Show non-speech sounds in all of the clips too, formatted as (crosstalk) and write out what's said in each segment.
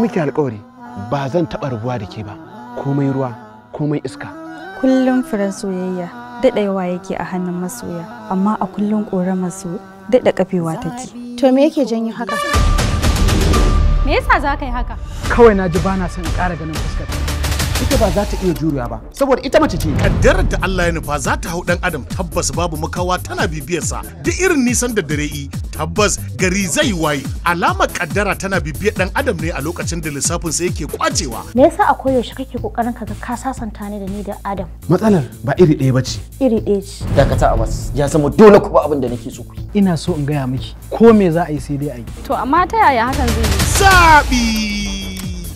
yi miki alkawari ba zan taɓa rubuwa da ke ba komai ruwa komai iska kullum furen soyayya yawa yake a hannun masoya amma a kullum ƙoran so daɗa ƙafewa take to me yake janyo haka me yasa za ka yi haka kawai na ji bana son in ƙara ganin fuskar ita ba za ta iya juriya ba saboda ita mace ce kaddarar da Allah ya nufa za ta hau dan adam tabbas babu makawa tana bibiyar sa duk irin nisan da dare yi tabbas gari zai waye alama kaddara tana bibiyar dan adam ne a lokacin da lissafin sa yake kwacewa me yasa a koyaushe kake kokarin kaga ka sasanta ni da ni da adam matsalar ba iri ɗaya bace iri ɗaya ce dakata a bas ya samu dole ku ba abin da nake so ina so in gaya miki ko me za a yi sai dai a yi to amma ta yaya hakan zai yi zabi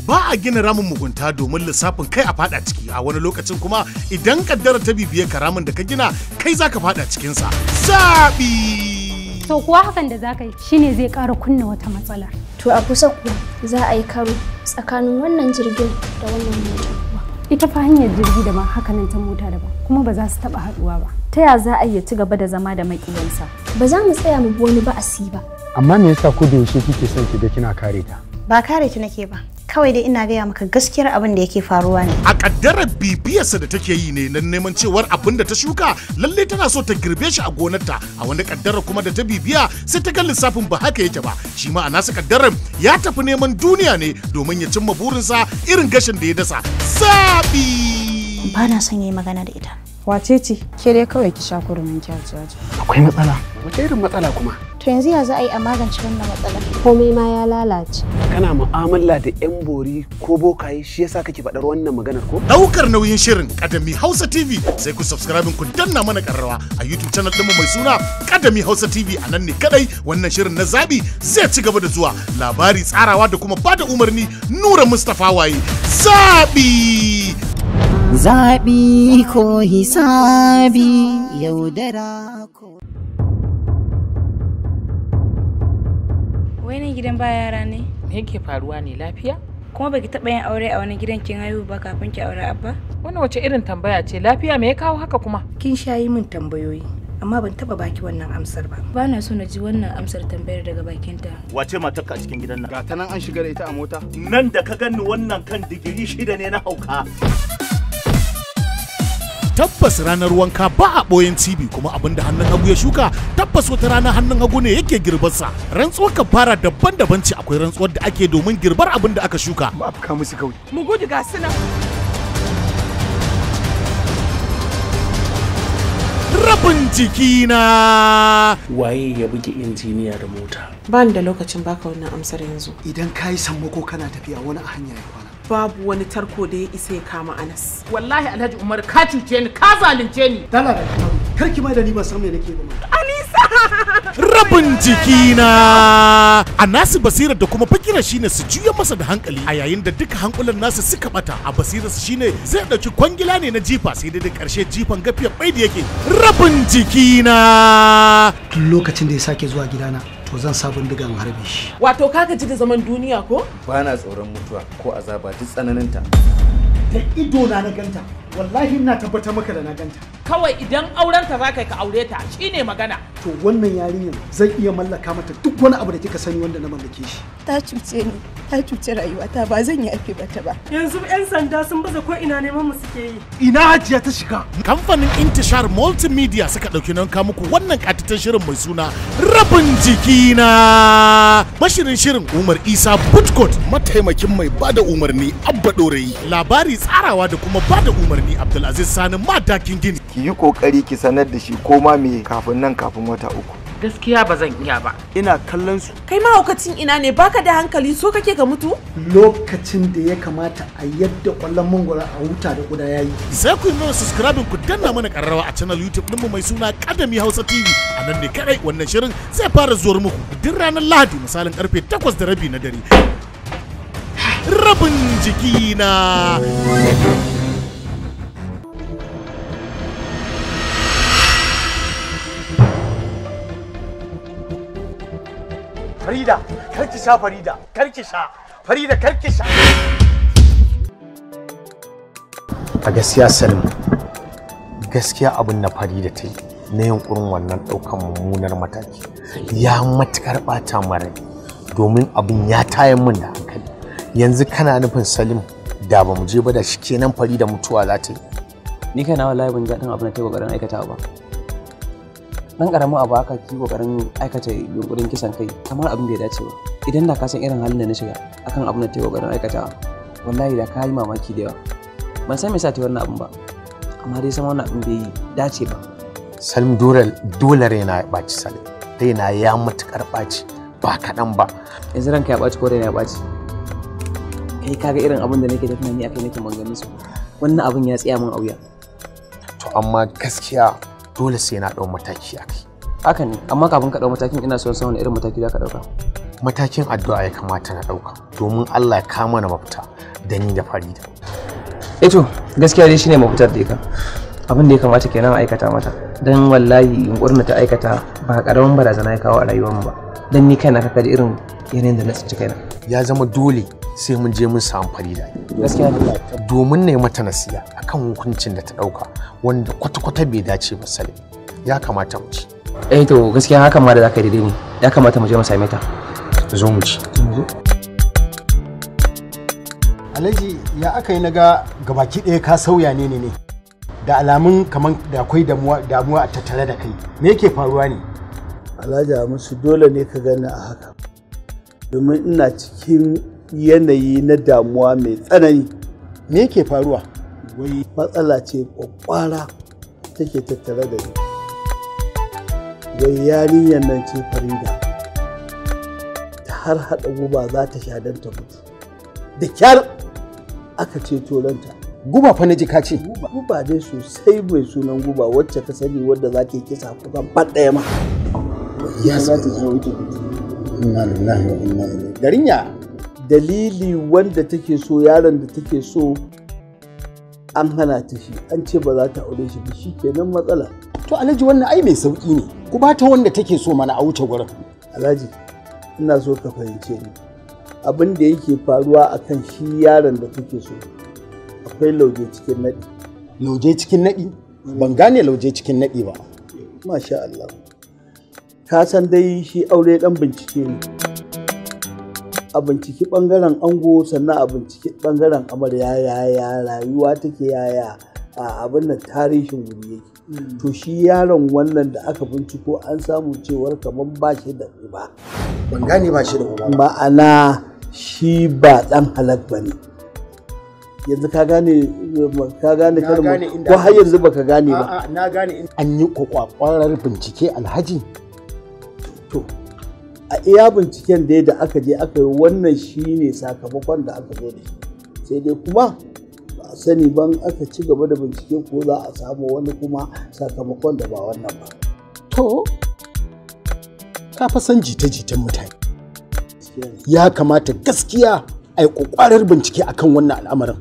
ba a gina ramin mugunta domin lissafin kai a fada ciki a wani lokacin kuma idan kaddara ta bibiye ka ramin da ka gina kai zaka fada cikinsa zaɓi to kuwa hakan da zaka yi shine zai ƙara kunna wata matsala to a kusa ku za a yi karo tsakanin wannan jirgin da wannan mota ita fa hanyar jirgi da daban nan ta mota daban kuma ba za su taba haɗuwa ba ta ya za a iya ci gaba da zama da maƙiyansa ba za mu tsaya mu bi wani ba a si ba amma me yasa ku da yaushe kike son ki ga kina kare ta ba kare ki nake ba kawai dai ina gaya maka gaskiyar abin da yake faruwa ne a kaddarar bibiyarsa da take yi ne na neman cewar abin da ta shuka lalle tana so ta girbe shi a gonarta a wani kaddara kuma da ta bibiya sai ta ga lissafin ba haka yake ba shi ma a nasa kaddarar ya tafi neman duniya ne domin ya cimma burinsa irin gashin da ya dasa zabi ba na son yi magana da ita wace ce ke dai kawai ki sha kurumin kyajaji akwai matsala wata irin matsala kuma To yanzu ya za a yi a magance wannan matsalar? Komai ma ya lalace. Kana mu'amala da 'yan bori ko bokaye shi yasa kake faɗar wannan maganar ko? Ɗaukar nauyin shirin Kadami Hausa TV sai ku subscribe ku danna mana karrawa a YouTube channel ɗinmu mai suna Kadami Hausa TV a nan ne kadai wannan shirin na zabi zai ci gaba da zuwa labari tsarawa da kuma bada umarni Nura mustafa Waye zabi zabi ko hisabi yaudara ko wai ne gidan ba yara ne me yake faruwa ne lafiya kuma baki taba yin aure a wani gidan kin haihu ba kafin ki aure abba wannan wace irin tambaya ce lafiya me ya kawo haka kuma kin sha yi min tambayoyi amma ban taba baki wannan amsar ba ba na so na ji wannan amsar tambayar daga bakinta wace matar ka a cikin gidan nan ga ta nan an shiga da ita a mota nan da ka ganni wannan kan digiri shida ne na hauka tabbas ranar wanka ba a ɓoyen cibi kuma abinda hannun hagu ya shuka tabbas wata ranar hannun hagu ne yake girbarsa rantsuwar fara daban-daban ce akwai rantsuwar da ake domin girbar abin da aka shuka Ba afka musu kawai mu gudu ga suna rabin jikina waye ya buge injiniya da mota ba da lokacin baka wannan amsar yanzu idan ka yi sammako kana tafiya wani a hanya ya kwana babu wani tarko da ya isa ya kama Anas. Wallahi Alhaji Umar ka cuce ni ka zalunce ni. Dala da kar ki mai da ni ba san me nake ba Anisa! Rabin jikina! Anasu basira da kuma fakira shine su juya masa da hankali a yayin da duka hankulan nasu suka bata a basira su shine zai dauki kwangila ne na jifa sai dai da karshe jifan gafiya bai da yake. Rabin jikina! Lokacin da ya sake zuwa gidana to zan sa bindigan harbe shi wato ka gaji da zaman duniya ko bana tsoron mutuwa ko azaba duk tsananinta da ido na na ganta wallahi ina tabbatar maka da na ganta kawai idan aurenta za ka ka aure ta shine magana to wannan yarinyar zan iya mallaka mata duk wani abu da kika sani wanda na mallake shi ta cuce ni ta cuce rayuwata ba zan yi ba bata ba yanzu yan sanda sun baza ko ina neman mu suke yi ina hajiya ta shiga kamfanin intishar multimedia suka dauki nan ka muku wannan katitan shirin mai suna rabin jikina mashirin shirin umar isa butkot mataimakin mai bada umarni abba dorayi labari tsarawa da kuma bada umarni ni Abdulaziz Sani madakin gini. Ki yi kokari ki sanar da shi ko ma me kafin nan kafin wata uku. Gaskiya ba zan iya ba. Ina kallon su. Kai mahaukacin ina ne baka da hankali so kake ka mutu? Lokacin da ya kamata a yadda kwallon mangwara a huta da guda yayi. Sai ku yi mana subscribing ku danna mana karrawa a channel YouTube ɗinmu mai suna Kadami Hausa TV. A nan ne kadai wannan shirin zai fara zuwar muku duk ranar Lahadi misalin karfe 8 da rabi na dare. rabin jikina. Farida, kar ki sha Farida, kar sha. Farida, kar ki sha. A gaskiya Salim, gaskiya abin na Farida ta yi na yunkurin wannan ɗaukan mummunar mataki ya matukar ɓata mara domin abin ya tayan min da hankali. Yanzu kana nufin Salim da ba mu je ba da shi kenan Farida mutuwa za ta yi. Ni kaina wallahi ban ji daɗin abin da ta yi aikata ba. dan karamin abu haka ki kokarin aikata yunkurin kisan kai kamar abin bai dace ba idan da ka san irin halin da na shiga akan abin da ta kokarin aikatawa wallahi da ka yi mamaki da yawa ban san me sa ta wannan abin ba amma dai san wannan abin bai dace ba Salim dole dole raina ya ɓaci sale na ya matukar ɓaci ba kaɗan ba yanzu ranka ya ɓaci ko na ya ɓaci kai kaga irin abin da nake tafiya ni akai nake maganin su wannan abin ya tsaya min a wuya to amma gaskiya dole sai na ɗau mataki a haka ne amma kafin ka ɗau matakin ina son san wani irin mataki za ka ɗauka matakin addu'a ya kamata na ɗauka domin Allah ya kama na mafita da ni da Farida eh to gaskiya dai shine mafitar da ka abin da ya kamata kenan a aikata mata dan wallahi yunkurin ta aikata ba karamin barazana ya kawo a rayuwarmu ba dan ni kaina kaka da irin yanayin da na tsinci kaina ya zama dole sai mun je mun samu farida domin ne mata nasiya akan hukuncin da ta dauka wanda kwata-kwata bai dace ba sale, ya kamata mu ci eh to gaskiya haka ma da zaka daidai ne ya kamata mu je mu same ta zo mu ci Alhaji ya aka yi naga gabaki ɗaya ka sauya ne ne da alamun kamar da akwai damuwa a tattare da kai me yake faruwa ne Alhaji musu dole ne ka gani a haka domin ina cikin yanayi na damuwa mai tsanani me yake faruwa wai matsala ce kwakwara take tattare da ni wai yarinyar nan ce farida ta har haɗa guba za ta sha don ta mutu da kyar aka ce tolanta guba fa na jika ce guba dai sosai mai sunan guba wacce ka sani wadda za ta kisa kusan ɗaya ma ya za ta zo wuce inna lillahi wa inna ilaihi garinya dalili wanda take so yaron da take so an hana ta shi an ce ba za ta aure shi ba shi kenan matsala to alhaji wannan ai mai sauki ne ku ba ta wanda take so mana a wuce gurin alhaji ina so ka fahimce ni abin da yake faruwa akan shi yaron da take so akwai lauje cikin naɗi lauje cikin naɗi ban gane lauje cikin naɗi ba masha Allah ka san dai shi aure dan bincike ne a binciki bangaren ango sannan a binciki bangaren amarya ya rayuwa take yaya a abin da tarihin wuri yake mm. to shi yaron wannan da aka binciko an samu cewar kamar ba shi da uba ban gane ba shi da uba ma'ana shi ba dan halak ba ne yanzu ka gane ka gane kalmar ko har yanzu baka gane ba na gane an yi kwakwakwarar bincike alhaji to a iya binciken dai da aka je aka yi wannan shi ne sakamakon da aka zo da shi sai dai kuma ba a sani ban aka ci gaba da bincike ko za a samu wani kuma sakamakon da ba wannan ba to ka san jita-jitan mutane ya kamata gaskiya a yi ƙwaƙwarar bincike akan wannan al'amarin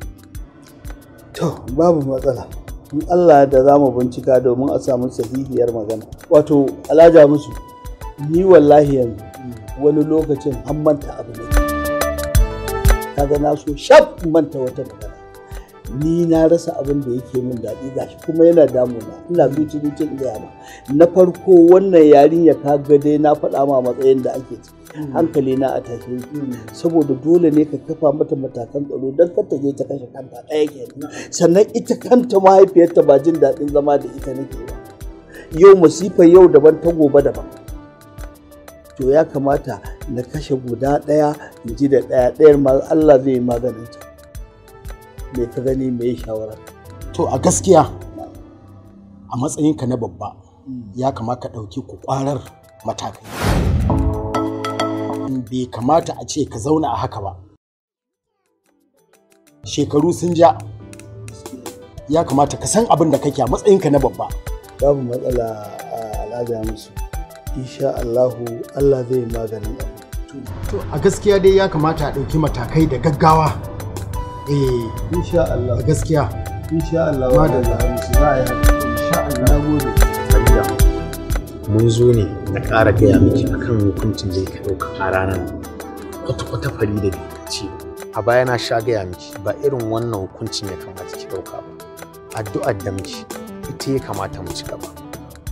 to babu matsala in allah da za mu bincika domin a samu sahihiyar magana wato alaja musu ni wallahi yanzu wani lokacin an manta abu ne kaga na so shaf manta wata magana ni na rasa abin da yake min daɗi gashi kuma yana damuna ina zuci zuci da na farko wannan yarinya ka ga dai na faɗa ma matsayin da ake ciki hmm. hankali na a tashe hmm. saboda dole ne ka kafa mata matakan tsaro don kar ta je ta kashe kanta ɗaya nan. sannan ita kanta mahaifiyarta ba jin daɗin zama da ita nake ba yau masifa yau daban ta gobe daban to ya kamata na kashe guda ɗaya in ji da ɗaya ɗayar ma Allah zai yi maganin ta me ta gani me yi shawara to a gaskiya a matsayinka na babba ya kamata ka ɗauki ku ƙwarar matakai bai kamata a ce ka zauna a haka ba shekaru sun ja ya kamata ka san abin da kake a matsayinka na babba babu matsala a al'ada musu insha Allahu Allah zai maganin abu to a gaskiya dai ya kamata a ɗauki matakai da gaggawa eh insha Allah gaskiya insha Allah madalla za a yi insha Allah gode mun zo ne na ƙara gaya miki akan hukuncin da ka ɗauka a ranar kwata-kwata fari da ce ci a baya na sha gaya miki ba irin wannan hukuncin ya kamata ki ɗauka ba addu'ar da miki ita ya kamata mu ci gaba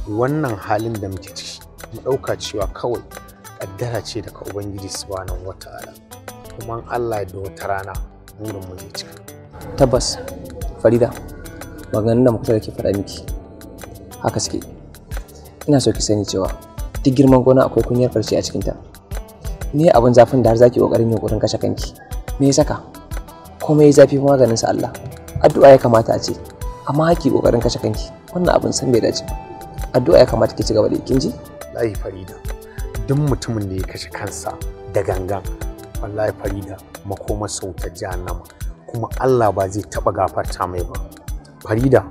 wannan halin da muke ciki mu ɗauka cewa kawai ƙaddara ce daga ubangiji subhanahu ala, kuma Allah ya da wata rana burin mu zai cika tabbas farida maganin da muka ke faɗa miki haka suke ina so ki sani cewa duk girman gona akwai kunyar farce a cikinta me abin zafin da har zaki kokarin kurin kashe kanki me ya saka komai ya zafi maganin sa Allah addu'a ya kamata a ce amma haki kokarin kashe kanki wannan abin san bai dace addu'a ya kamata ki ci gaba da kin ji wallahi farida duk mutumin da ya kashe kansa da gangan wallahi farida makoma sauta jahannama kuma Allah ba zai taba gafarta mai ba farida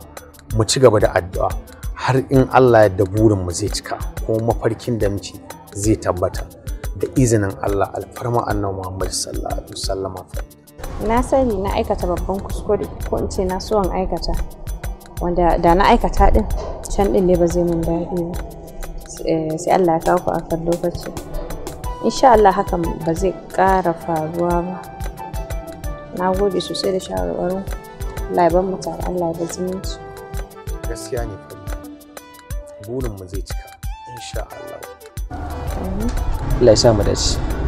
mu ci gaba da addu'a har in Allah ya burin mu zai cika kuma mafarkin da muke zai tabbata da izinin Allah alfarma annabi Muhammad sallallahu alaihi wasallam na sani na aikata babban kuskure ko in ce na so aikata wanda da na aikata din can din ne ba zai mun daɗi ba Eh, sai Allah ya kawo a kan lokaci insha Allah hakan ba zai ƙara faruwa ba na gode sosai da shawarwarin laiban mutane Allah Allah da zumunci gaskiya ne kuma burin mu zai cika insha Allah Allah ya sa mu dace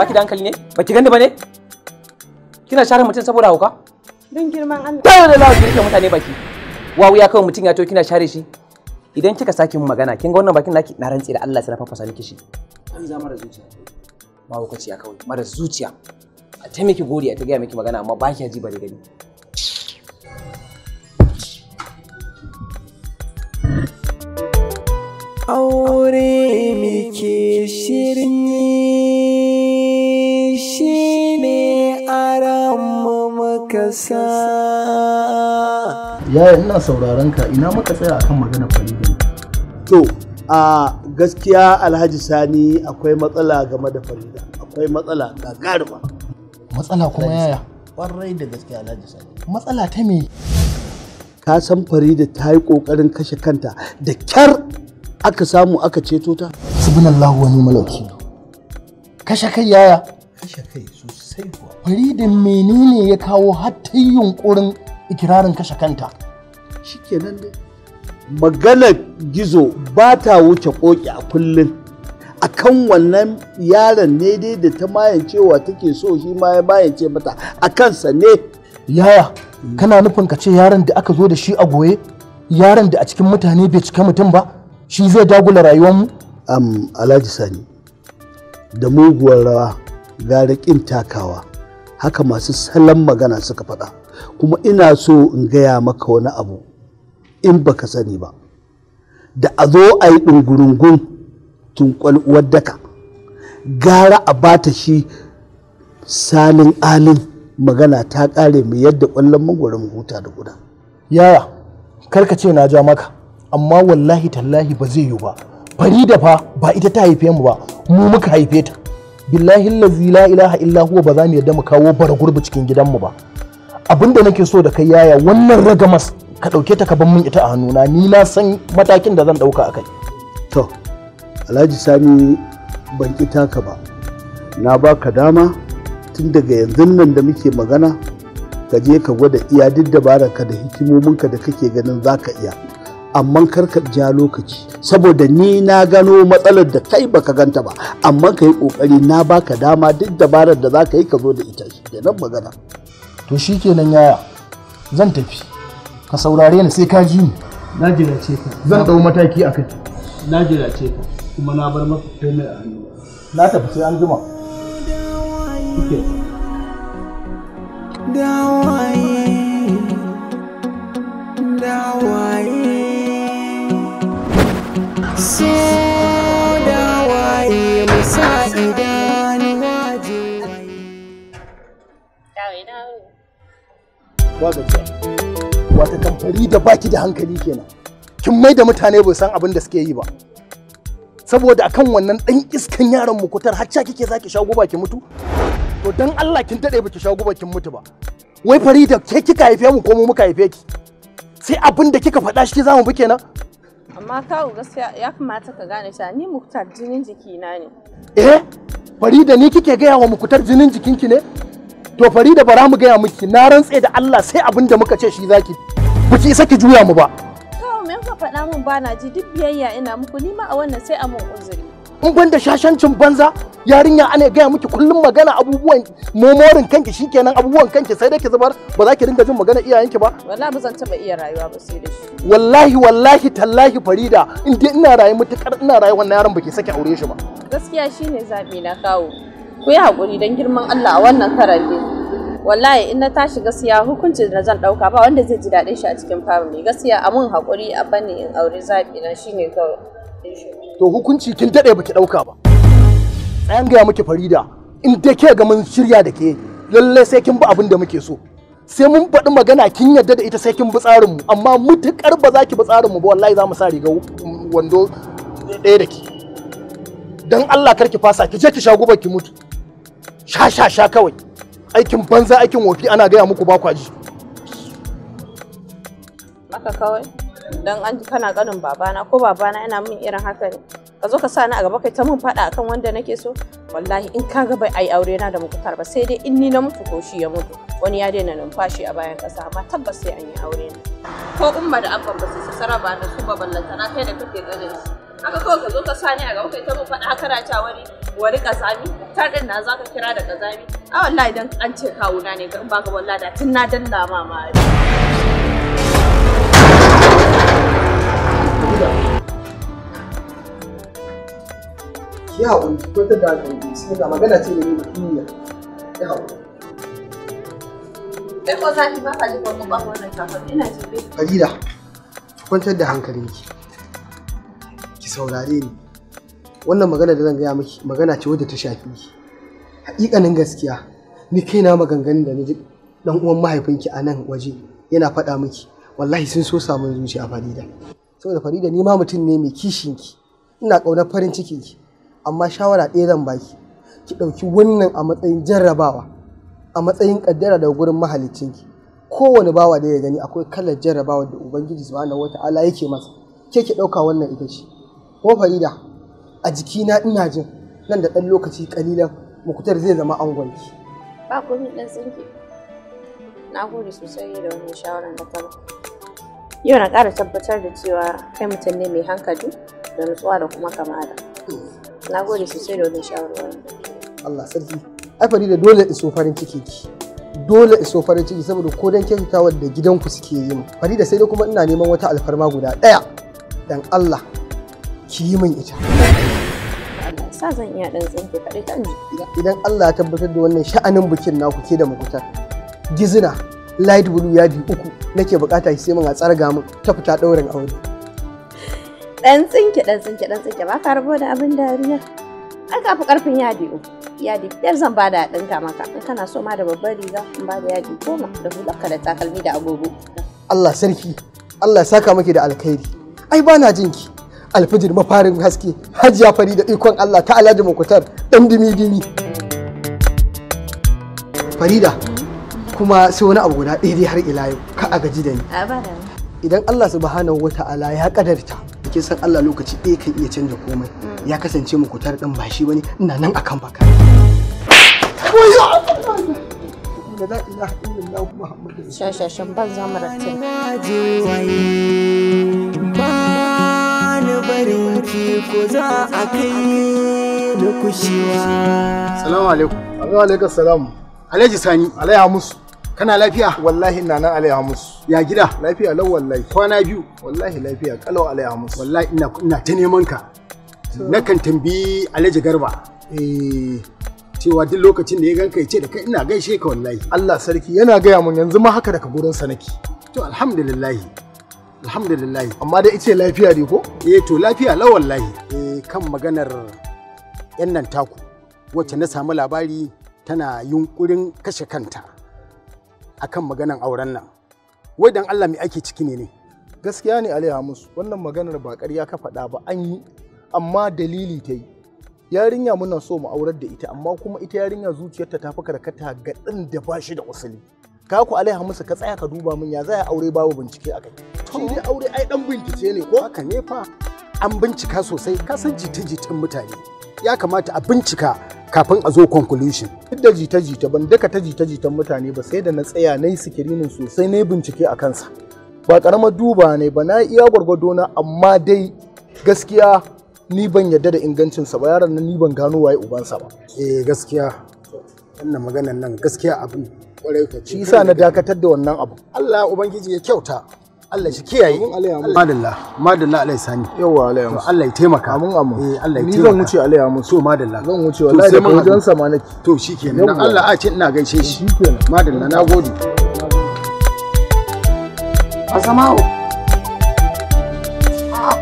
baki da hankali ne baki gani ba ne kina share mutum saboda hauka don girman Allah ta da lawa kirke mutane baki wawu ya kawai mutum ya to kina share shi idan kika sake mun magana kin ga wannan bakin naki na rantsi da Allah sai na fafasa miki shi an za mara zuciya ma hukaci ya kawai mara zuciya a ta miki gori a ta gaya miki magana amma ba ki ji ba da gani aure muke shirni shi ne aranmu muka sa yaya ina sauraron ka ina muka tsaya akan magana farida to a gaskiya alhaji sani akwai matsala game da farida akwai matsala gagarima matsala kuma yaya kwarai da gaskiya alhaji sani matsala ta me ka san farida ta yi kokarin kashe kanta da kyar aka samu aka ceto ta subhanallahu wani malauki kashe kai yaya kashe kai sosai kuwa faridin menene ya kawo hatta yunkurin ikirarin kashe kanta shikenan dai maganar gizo ba ta wuce koki a kullum akan wannan yaron ne dai da ta mayancewa take so shi ma ya mayance mata a kansa ne yaya kana nufin ka ce yaron da aka zo da shi a goye yaron da a cikin mutane bai cika mutum ba shi zai dagula rayuwarmu? am alhaji sani da muguwar rawa gara ƙin takawa haka masu salon magana suka faɗa kuma ina so in gaya maka wani abu in baka sani ba da a zo a yi ɗungurungun tunkwal daka gara a bata shi salin alin magana ta ƙare mu yadda ƙwallon mangwaron huta da guda yaya karka ce na ja maka amma wallahi tallahi ba zai yi ba da fa ba ita ta haife mu ba mu muka haife ta billahi lazi la ilaha illa huwa ba za mu yadda mu kawo bara gurbi cikin mu ba abinda nake so da kai yaya wannan ragamas ka dauke ta ka ban mun ita a hannuna ni na san matakin da zan dauka akai to alhaji Sami ban ita ka ba na baka dama tun daga yanzu nan da muke magana ka je ka gwada iya duk dabararka da ka da kake ganin zaka iya amma karka ja lokaci saboda ni na gano matsalar da kai baka ganta ba amma ka yi kokari na baka dama duk dabarar da za ka yi ka zo da ita shi kenan magana to shi kenan yaya zan tafi ka saurare ni sai ka ji ni na ce ka zan dau mataki a kai na ce ka kuma na bar maka komai a hannu na tafi sai an jima dawa so da waye musa idan waje wata tamfari da baki da hankali kenan kin mai da mutane bai san abin da suke yi ba saboda akan wannan dan iskan yaron mu kutar hacca kike zaki shago baki mutu to dan Allah kin dade baki shago guba kin mutu ba wai Farida ke kika haife mu ko mu muka haife ki sai abin da kika faɗa shi zamu bi kenan amma kawo gaskiya ya kamata ka gane cewa ni muktar jinin jiki na ne eh farida ni kike gaya wa muktar jinin jikin ki ne to farida bara mu gaya miki na rantse da Allah sai abin da muka ce shi zaki biki isa ki juya mu ba kawo me ka faɗa mun ba na ji duk biyayya ina muku ni ma a wannan sai a mun uzuri in gwanda shashancin banza yarinya ana gaya miki kullum magana abubuwan momorin kanki shikenan abubuwan kanki sai dai ki zubar ba za ki dinga jin magana iyayenki ba wallahi ba zan taba iya rayuwa ba sai da shi wallahi wallahi tallahi farida in dai ina rayu mutakar ina rayu wannan yaron baki sake aure shi ba gaskiya shine zabi na kawo ku yi hakuri dan girman Allah a wannan karan dai wallahi in na tashi gaskiya hukuncin da zan dauka ba wanda zai ji dadin shi a cikin family gaskiya a mun hakuri a bane in aure zabi na shine kawai to hukunci kin daɗe baki ɗauka ba tsayan gaya muke farida in da ke ga mun shirya da ke lallai sai kin bi abin da muke so sai mun faɗi magana kin yadda da ita sai kin bi tsarinmu amma mutukar ba za ki bi tsarinmu ba wallahi za mu sa riga wando ɗaya da ki don Allah kar ki fasa ki je ki sha guba ki mutu sha sha sha kawai aikin banza aikin wofi ana gaya muku ba ji haka kawai dan an kana kanin babana ko babana yana min irin haka ne ka zo ka sa ni a gaba kai ta mun faɗa akan wanda nake so wallahi in ka ga bai ai aure na da mukutar ba sai dai in ni na mutu ko shi ya mutu wani ya daina numfashi a bayan kasa amma tabbas sai an yi aure na ko umma da abban ba su ba da su ba ballanta na kai da kake ganin su haka kawai ka zo ka sa ni a gaba kai ta mun faɗa haka wani wani kazami ta din na zaka kira da kazami a wallahi dan an ce kawuna ne in baka wallahi da tun na danna ma ma ya haƙuri ki kwantar da hankali sai ga magana ce da ni muhimmiya ya hau. kai ko za ki ba ka ji ina Farida kwantar da hankalinki ki saurare ni wannan magana da zan gaya miki magana ce wadda ta shafi ki haƙiƙanin gaskiya ni kaina maganganun da na ji ɗan uwan mahaifinki a nan waje yana faɗa miki wallahi sun so samun zuciya Farida saboda Farida ni ma mutum ne mai kishinki ina ƙaunar farin cikinki amma shawara ɗaya zan baki ki ɗauki wannan a matsayin jarrabawa a matsayin ƙaddara daga gurin mahaliccinki kowane bawa da ya gani akwai kalar jarrabawa da ubangiji subhanahu wata'ala yake masa ke ki ɗauka wannan ita ce ko farida a jikina ina jin nan da ɗan lokaci ƙalilan mukutar zai zama gwanki ba ku ni ɗan tsinki na gode sosai da wannan shawaran da ka yau na ƙara tabbatar da cewa kai mutum ne mai hankali da nutsuwa da kuma kamala mm. na gode sosai da wannan shawarwarin Allah sarki ai da dole iso farin ciki ki dole iso farin ciki saboda ko dan kyautatawa wanda gidanku suke yi mu farida sai dai kuma ina neman wata alfarma guda daya dan Allah ki yi min ita sa zan iya dan tsinke kaɗai ta idan Allah ya tabbatar da wannan sha'anin bikin naku ke da makutar gizina light blue ya bi uku nake bukata ki sai mun a tsarga mun ta fita daurin aure Dan tsinke dan tsinke dan tsinke ba ka rabo da abin dariya. Ai ka fi karfin yadi uku. Yadi biyar zan ba da ɗinka maka. In kana so ma da babbar riga in ba da yadi goma da hularka da takalmi da agogo. Allah sarki. Allah saka maki da alkhairi. Ai ba na jinki. Alfijir mafarin haske hajiya fari da ikon Allah ta alhaji makutar dan dimi dimi. Farida kuma sai wani abu guda ɗaya har ila yau ka a gaji da ni. Idan Allah subhanahu wa ta'ala ya kadarta kin san Allah lokaci ɗaya kan iya canja komai mm. ya kasance mu kutar ɗin ba shi bane ina nan akan baka shashashan ban za mu rattin barin ki ko za a kai da kushewa salamu alaikum wa alaikum salam alhaji sani alaiha musu kana lafiya wallahi ina nan alai hamus ya gida lafiya lau wallahi kwana biyu wallahi lafiya kalau alai hamus wallahi ina ina ta neman ka Na kan tambayi alhaji garba eh, cewa duk lokacin da ya ganka ya ce da kai ina gaishe ka wallahi Allah sarki yana gaya mun yanzu ma haka daga gurin sa nake to alhamdulillahi, alhamdulillahi. amma dai ice lafiya ne ko eh to lafiya lau wallahi eh kan maganar yan nan taku wacce na samu labari tana yunkurin kashe kanta akan maganan auren nan wai dan Allah me ake ciki ne ne gaskiya ne Ali Hamus wannan maganar ba ƙarya ka faɗa ba an yi amma dalili ta yi yarinya muna so mu aurar da ita amma kuma ita yarinya zuciyarta ta fi karkata ga ɗin da ba shi da usuli ka ku Ali Hamus ka tsaya ka duba min ya za aure babu bincike akai shi dai aure ai dan bincike ne ko haka ne fa an bincika sosai ka san jita-jitan mutane ya kamata a bincika kafin a zo conclusion duk da jita-jita ban duka ta jita jita mutane ba sai da na tsaya na yi sikirinin sosai na yi bincike a kansa ba karamar duba ne ba na iya gwargwado na amma dai gaskiya ni ban yarda da ingancinsa ba yaron nan ni ban gano waye ubansa ba eh gaskiya wannan maganar nan gaskiya abin kwarai ka ci sa na dakatar da wannan abu Allah ubangiji ya kyauta Allah shi kiyaye madalla madalla Allah ya sani yawa Allah ya musu Allah ya taimaka amin amin eh Allah ya taimaka ni zan wuce Allah ya musu to madalla zan wuce wallahi da wajen sama nake to shikenan dan Allah a ce ina gaishe shi shikenan madalla nagode Azamao. Ah.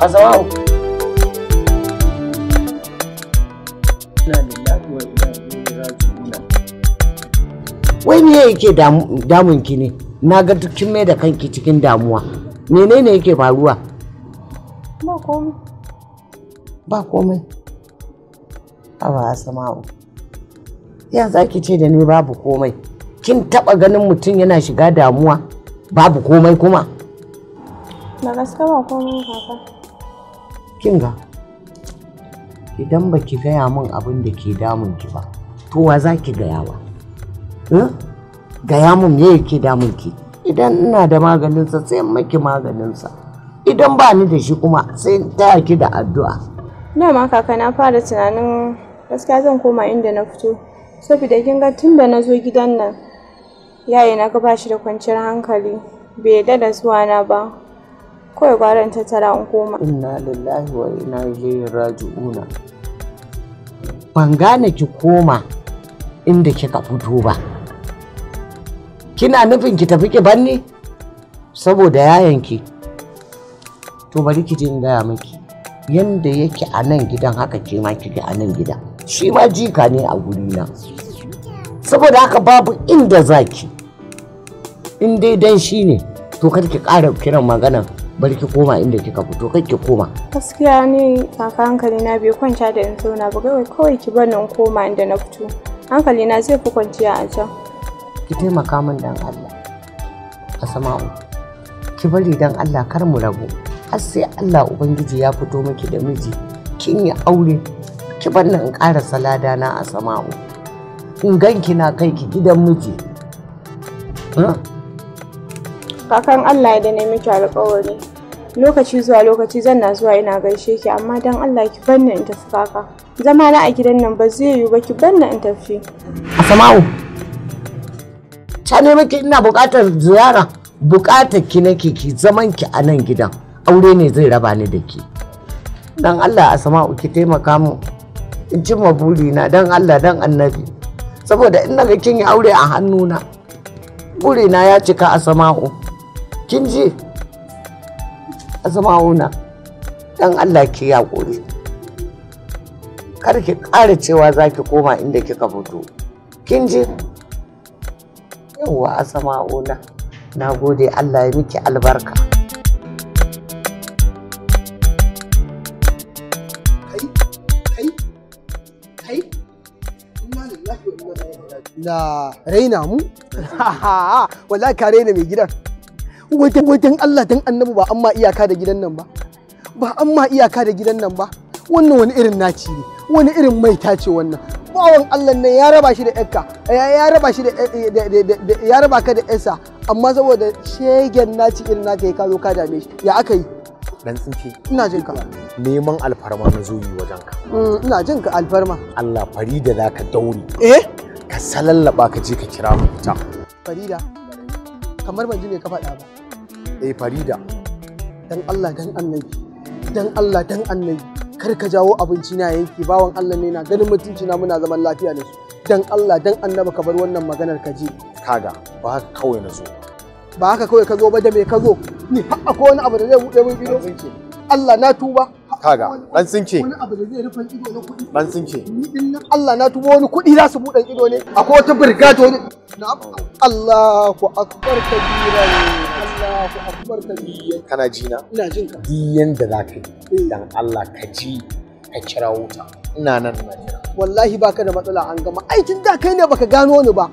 Azamao. Wai me yake damun ki ne? na ga duk kin mai da kanki cikin damuwa menene yake faruwa ba komai ba komai A asama'u ya za ki ce da ni babu komai kin taba ganin mutum yana shiga damuwa babu komai kuma da gaske ba komai kaka kin ga idan ba ki gaya min abin da ke damun ki ba to wa za ki gaya ba? gaya mun me yake damun ki idan ina da maganinsa sai in maki maganinsa idan ba ni da shi kuma sai in taya ki da addu'a na ma kaka na fara tunanin gaskiya zan koma inda na fito saboda kinga ga tunda na zo gidan nan yayi na ga bashi da kwanciyar hankali bai yarda da zuwa na ba kawai ta tattara in koma inna lillahi wa inna ilaihi raji'una ban gane ki koma inda kika fito ba kina nufin ki tafi ki banni saboda yayanki to bari ki jin gaya miki yanda yake a nan gidan haka ke ma kike a nan gidan shi ma jika ne a gurina saboda haka babu inda zaki in dai dan shi ne to kar ki ƙara kiran magana bari ki koma inda kika fito kar ki koma gaskiya ne kaka hankali na bai kwanta da in zauna ba kawai kawai ki bar nan koma inda na fito hankali na zai fi kwanciya a can ki taimaka min dan Allah a sama'u ki bari dan Allah kar mu rabu har sai Allah ubangiji ya fito miki da miji kin yi aure ki bar nan ƙara salada na sama'u in ganki na kai ki gidan miji kakan Allah ya dane miki alƙawari lokaci zuwa lokaci zan na zuwa ina gaishe ki amma dan Allah ki banna in tafi kaka zama na a gidan nan ba zai yiwu ba ki banna in tafi A sama'u ca ne miki ina buƙatar ziyara buƙatar ki nake ki zaman ki a nan gidan aure ne zai raba ni da ki dan Allah a ki taimaka mu in ji maburi burina dan Allah dan annabi saboda in naga kin yi aure a hannuna na ya cika a sama'u kin ji a na dan Allah ki kore. kar ki ƙara cewa za ki koma inda kika fito kin ji a sama asama'una na gode allah ya miki albarka na raina mu wala ka raina mai gidan wajen Allah dan annabu ba an ma iyaka da gidan nan ba ba an ma iyaka da gidan nan ba wannan wani irin naci ne wani irin mai tace wannan bawan Allah ne ya raba shi da ƴarka ya raba shi eh, eh, da ya raba ka da ƴarsa amma saboda shegen naci irin naka ka zo ka dame shi ya aka yi dan tsinke ina jin ka neman alfarma na zo yi wajen ka mm, ina jin ka alfarma Allah farida ka daure eh ka salallaba ka je ka kira mu ta farida kamar ban ji ne ka faɗa ba eh farida dan Allah dan annabi dan Allah dan annabi kar ka jawo abinci na yanki bawan Allah ne na ganin mutunci na muna zaman lafiya da su dan Allah dan annaba ka bar wannan maganar ka je kaga ba haka kawai na zo ba haka kawai ka zo ba da me ka zo ni har akwai wani abu da zai buɗe min ido Allah na tuba kaga dan tsinke wani abu da zai rufe ido na kuɗi dan tsinke ni din nan Allah na tuba wani kuɗi za su buɗe ido ne akwai wata birgato ne na'am Allahu akbar kabiran Allahu akbar kana ji na ina jin ka da za ka yi eh. dan Allah ka ji ka kira wuta ina nan na jira wallahi baka da matsala an gama ai tun da kai ne baka gano ni ba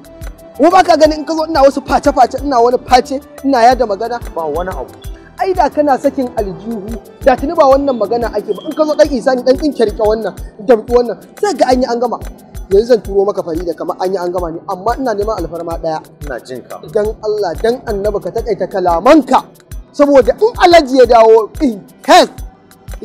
ko baka ganin in ka zo ina wasu face-face ina wani face ina yada magana ba wani abu aida kana sakin aljihu da tuni ba wannan magana ake ba in ka zo dan isa ni dan tsinke rike wannan damki wannan sai ga an yi an gama yanzu zan turo maka farida kamar an yi an gama ne amma ina neman alfarma daya ina jin ka dan Allah dan annabi ka takaita kalamanka saboda in alaji ya dawo in eh, kas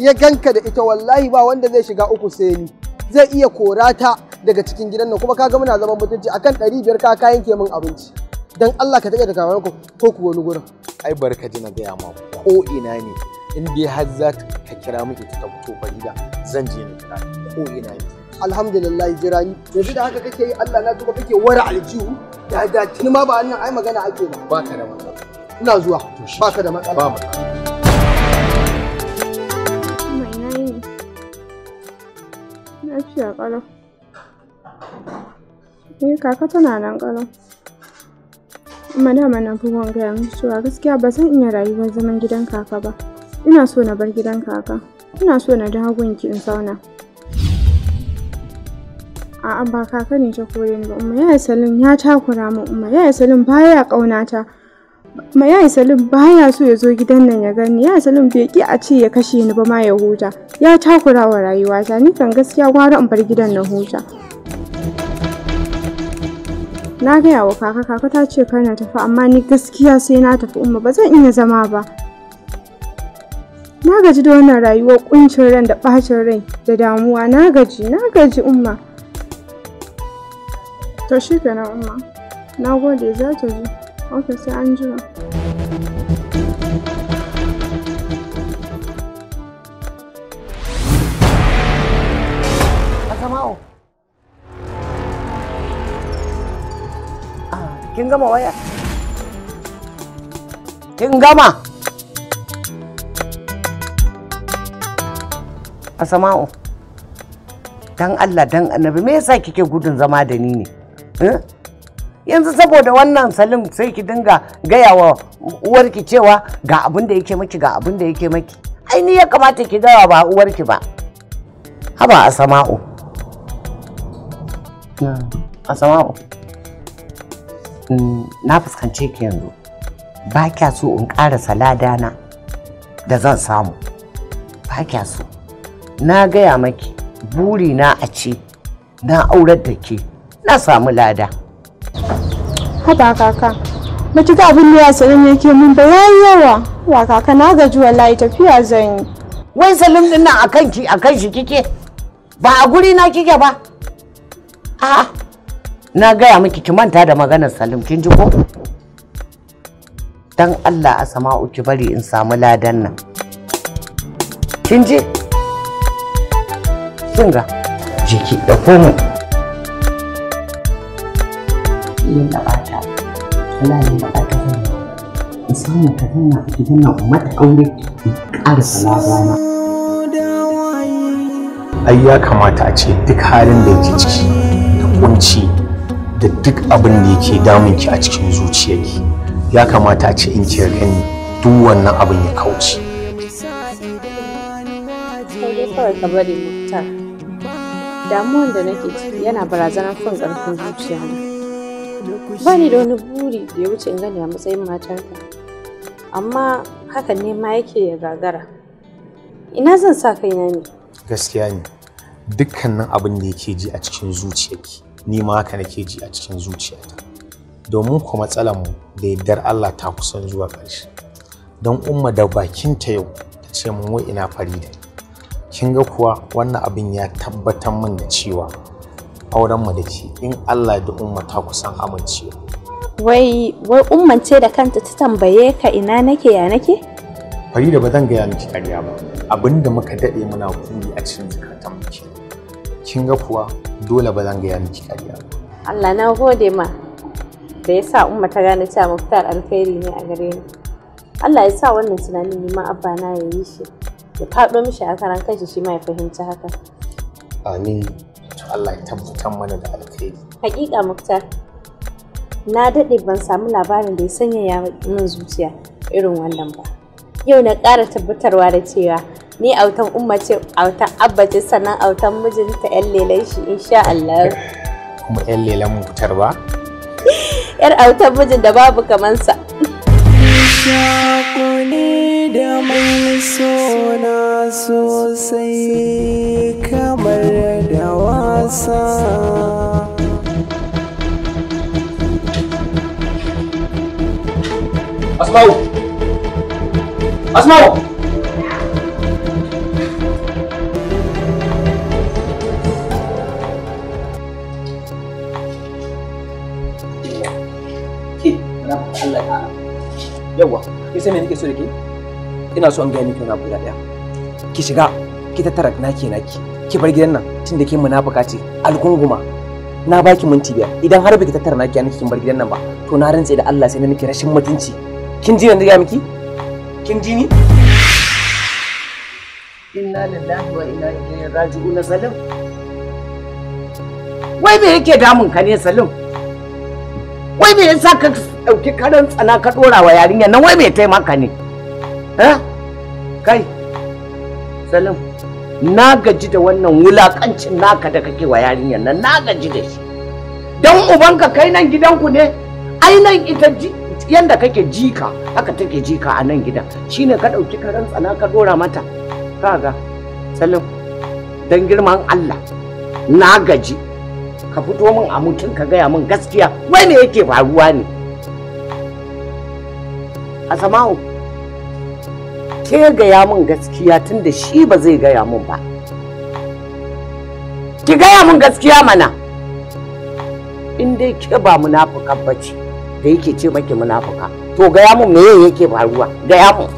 ya ganka da ita wallahi ba wanda zai shiga uku sai ni zai iya korata daga cikin gidan nan kuma kaga muna zaman mutunci akan 500 ka kayan ke min abinci dan Allah ka da kamar ko ku wani gurin ai barka ji na gaya ma ko ina ne in dai har za ka kira mu ta fito farida zan je na kira ko ina ne alhamdulillah jirani yanzu da haka kake yi Allah na duba kake wara aljihu da da tuni ma ba annan ai magana ake ba ba ka da matsala ina zuwa ba ka da matsala ba matsala a ƙalau. Eh kaka tana nan ƙalau. kuma dama na bugon gaya musu cewa gaskiya ba zan iya rayuwar zaman gidan kaka ba ina so na bar gidan kaka ina so na dawo gunki in zauna a'a ba kaka ne ta kore ni ba umma yaya salim ya takura min umma yaya salim baya kaunata ma yaya salim baya so ya zo gidan nan ya gani yaya salim bai ki a ce ya kashe ni ba ma ya huta ya takura wa rayuwata ni kan gaskiya gwara in bar gidan na huta na gaya wa kaka kaka ta ce kar na tafi amma ni gaskiya sai na tafi umma ba zan iya zama ba na gaji da wannan rayuwar kuncin ran da bacin rai da damuwa na gaji na gaji umma to shi umma na gode za ta zo sai an jira kin gama waya kin gama asama'u dan Allah dan annabi me yasa kike gudun zama da ni ne hm? yanzu saboda wannan salim sai ki dinga gaya wa uwarki cewa ga abin da yake maki ga abin da yake maki ai ni ya kamata ki gaya ba uwarki ba haba asama'u asama'u na fuskance ki yanzu ba kya so in ƙara salada na da zan samu ba kya so na gaya maki buri na a ce na aurar da ke na samu lada haba kaka mace abin da ya sanin yake min ba yayi yawa wa kaka na gaji wallahi tafiya zan yi wai salim din nan akan ki akan shi kike ba a guri na kike ba a'a na gaya miki ki manta da maganar salim kin ji ko dan allah a sama uki bari in samu ladan nan kin ji kin ga jiki da komo yin da bata ina yin da bata zan in samu ta zanna a gidan nan mata aure in ƙarasa na. ai ya kamata a ce duk halin da ji ciki da kunci da duk abin da yake damun ki a cikin zuciyarki ya kamata a ce in ki gani duk wannan abin ya kauce bari damuwan da nake ciki yana barazanar fin ƙarfin zuciya ba ni da wani buri da ya wuce in gani a matsayin matarka amma hakan ne ma yake ya gagara ina zan sa kaina ne gaskiya ne dukkanin abin da yake ji a cikin zuciyarki ni ma haka nake ji a cikin zuciyata domin ku mu da yaddar Allah ta kusan zuwa ƙarshe don umma da bakinta yau ta ce mun wai ina fari farida kin ga kuwa wannan abin ya tabbatar min da cewa auren mu da ke in Allah da umma ta kusan amincewa wai wai umman ce da kanta ta tambaye ka ina nake ya nake farida ba zan gaya miki ƙarya ba abinda muka daɗe muna kuri a cikin zukatan mu kin ga kuwa dole ba zan gaya miki kariya Allah na gode ma da yasa sa umma ta gane cewa muftar alkhairi ne a gare ni Allah ya sa wannan tunanin ni ma abba na ya yi shi ya faɗo mishi a karan kanshi shi ma ya fahimci haka amin to Allah ya tabbatar mana da alkhairi hakika muftar na daɗe ban samu labarin da ya sanya ya min zuciya irin wannan ba yau na ƙara tabbatarwa da cewa ni autan umma ce autan abba ce sannan autan mijinta yan lelan shi insha Allah kuma yan lelan mu fitar ba yar (laughs) autan mijin da babu kaman sa da mai sona sosai kamar da wasa Asma'u! Asma'u! yawa ki sai me nake so da ke ina so an gaya miki abu guda daya ki shiga ki tattara naki naki ki bar gidan nan tunda ke munafuka ce algunguma na baki minti biyar idan har baki tattara naki naki kin bar gidan nan ba to na rantse da Allah sai na miki rashin mutunci kin ji yanzu ga miki kin ji ni inna lillahi wa inna ilaihi raji'un salim wai me yake damun ka ne salim wai me yasa ka ɗauki karan tsana ka ɗora wa yarinya nan wai me taimaka ne kai salim na gaji da wannan wulakancin naka da kake wa yarinyar nan na gaji da shi don ubanka kai nan gidanku ne ai nan ita yanda kake jika haka take jika a nan gidan shine ka ɗauki karan tsana ka ɗora mata kaga salim don girman allah na gaji ka fito min a mutum ka gaya min gaskiya wai ne yake faruwa ne asama'u ke gaya min gaskiya tunda shi ba zai gaya min ba ki gaya min gaskiya mana in dai ke ba munafukan bace da yake ce maki munafuka to gaya min me yake faruwa gaya min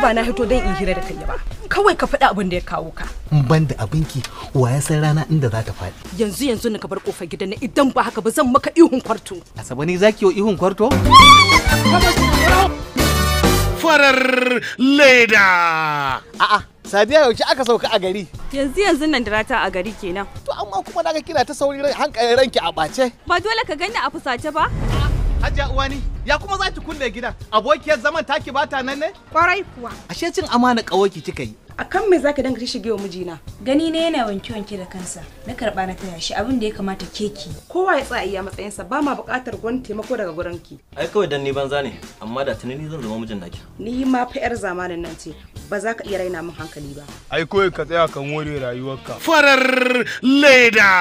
ba na hito don in hira da kai ba kawai ka faɗi abin da ya kawo ka ban da abinki wa ya san rana inda za ta faɗi yanzu yanzu na ka bar kofar gidan na idan ba haka ba zan maka ihun kwarto asabe ne zaki yi ihun kwarto farar leda a'a Sabiya yaushe aka sauka a gari? Yanzu yanzu nan da rata a gari kenan. To amma kuma na ga kira ta sauri ranki a bace Ba dole ka gani a fusace ba? Hajiya uwani, ya kuma za ki kunne gidan? Abokiyar zaman taki bata nan ne? Kwarai kuwa. Ashe cin amana ki, kika yi. akan me zaka danga shige wa mijina gani ne yana wanke wanke da kansa na karba na taya shi abin da ya kamata keki kowa ya tsaya iya matsayin sa ba bukatar buƙatar gwani taimako daga gurin ki ai kawai dan ni banza ne amma da tunani zan zama mijin naki ni ma fa yar zamanin nan ce ba za ka iya raina min hankali ba ai kawai ka tsaya kan rayuwarka farar leda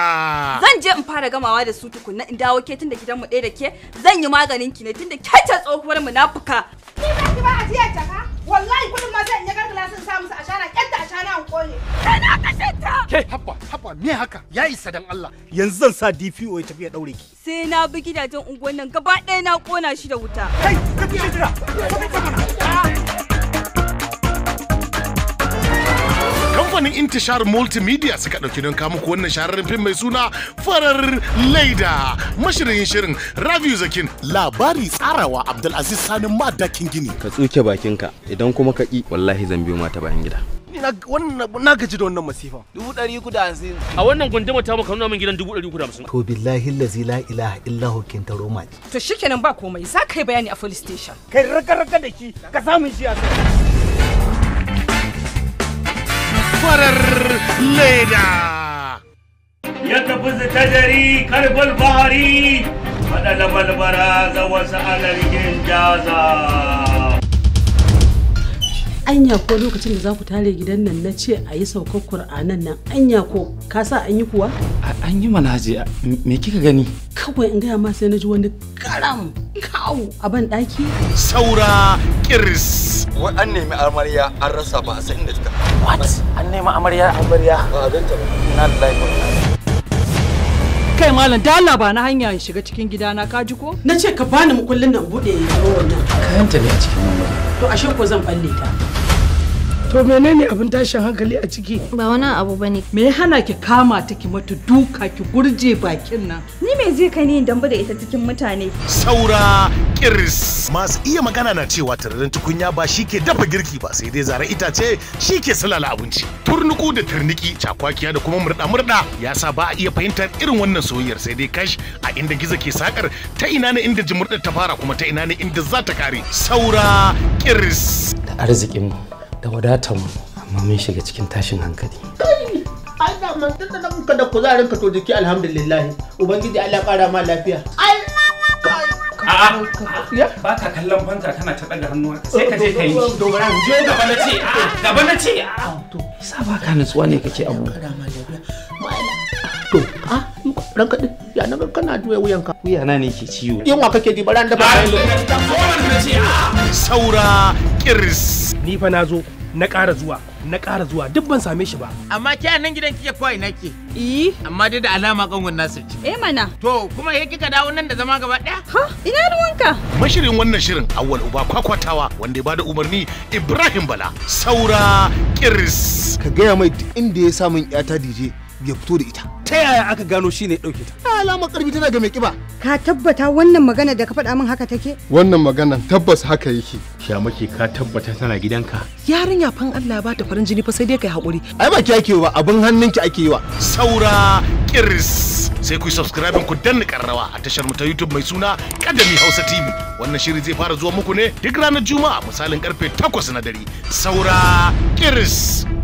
zan je in fara gamawa da su tukunna in dawo ke tunda gidanmu ɗaya da ke zan yi maganin ki ne tunda ke ce tsohuwar munafuka ni ba ki ba a ta jaka wallahi kudin ma zan yi gargala sun sa musu ashara ƙyanta a ta! Ke habba habba me haka ya isa dan Allah yanzu zan sa DPO ya tafi ya daure ki. Sai na bi gidajen unguwan nan gaba ɗaya na kona shi da wuta. Kai ka bi jira. Kamfanin Intishar Multimedia suka ɗauki don kawo muku wannan shahararren fim mai suna Farar Laida. Mashirin shirin Rabiu Zakin. Labari tsarawa Abdulaziz Sani Madakin Gini. Ka tsuke bakinka idan kuma ka ƙi wallahi zan biyo mata bayan gida. na gaji da wannan masifan. Dubu ɗari kuda hamsin. A wannan gunduma ta maka nuna min gidan dubu ɗari kuda hamsin. To billahi lazi la ilaha illahu kin taro maji. To shikenan ba komai za ka yi bayani a police station. Kai raka-raka da shi ka samu shi a Farar leda. Ya tafi su tajari karbal bahari. Faɗa lamal baraza wasu alal jaza. anya ko lokacin da za ku tare gidan nan na ce a yi saukar kur'anan nan anya ko ka sa an yi kuwa? An yi mana haji me kika gani? Kawai in gaya ma sai na ji wani karam kawo a ban ɗaki. Saura kiris. Wai an nemi amarya an rasa ba a san inda ta What? An nemi amarya? Amarya. Ba a ganta ba. Na da kai malam da Allah ba na hanya in shiga cikin gidana ka ji ko na ce ka bani mukullin kullun buɗe bude yaron nan kayanta ne a cikin wannan to ashe ko zan balle ta To menene abin tashin hankali a ciki? Ba wani abu ba ne. Me ya hana ki kama ta ki mata duka ki gurje bakin nan? Ni me zai kai ni damba da ita cikin mutane? Saura kiris. Masu iya magana na cewa tararin tukunya ba shi ke dafa girki ba sai dai zara itace shi ke sulala abinci. Turnuku da turniki, cakwakiya da kuma murɗa-murɗa ya sa ba a iya fahimtar irin wannan soyayyar sai dai kash a inda gizo ke sakar ta ina ne inda jimurɗar ta fara kuma ta ina ne inda za ta kare. Saura kiris. Da arzikin mu. da wadatar mu amma mun shiga cikin tashin hankali ai da man tunda na muka da kuzarin ka to jiki alhamdulillah ubangiji Allah ƙara ma lafiya ba ka kallon fanka tana ta daga hannuwa sai ka je ka yi dogara je gaba na ce gaba na ce to sa ba ka nutsuwa ne kake abu ranka din ya naga kana duwe wuyanka wuya na ne ke ciwo yunwa kake ji baran da ba kai saura kirs ni fa na zo na ƙara zuwa na ƙara zuwa duk ban same shi ba amma ke nan gidan kike kwa nake. ke eh amma dai da alama kangon nasir ce eh mana to kuma he kika dawo nan da zama gaba daya ha ina ruwanka mashirin wannan shirin awwal uba kwakwatawa wanda ya bada umarni Ibrahim Bala saura kirs ka gaya mai duk inda ya samun yata 'dije. ya fito da ita ta yaya aka gano shi ne dauke ta alama karfi tana ga mai kiba ka tabbata wannan magana da ka faɗa min haka take wannan magana tabbas haka yake shamake ka tabbata tana gidanka yarinya fan Allah ba ta farin jini fa sai dai kai hakuri ai ba ki ake wa abin hannunki ake yi wa saura kiris sai ku subscribe ku danna karrawa a tashar mu ta YouTube mai suna Kadami Hausa TV wannan shiri zai fara zuwa muku ne duk ranar Juma'a misalin karfe 8 na dare saura kiris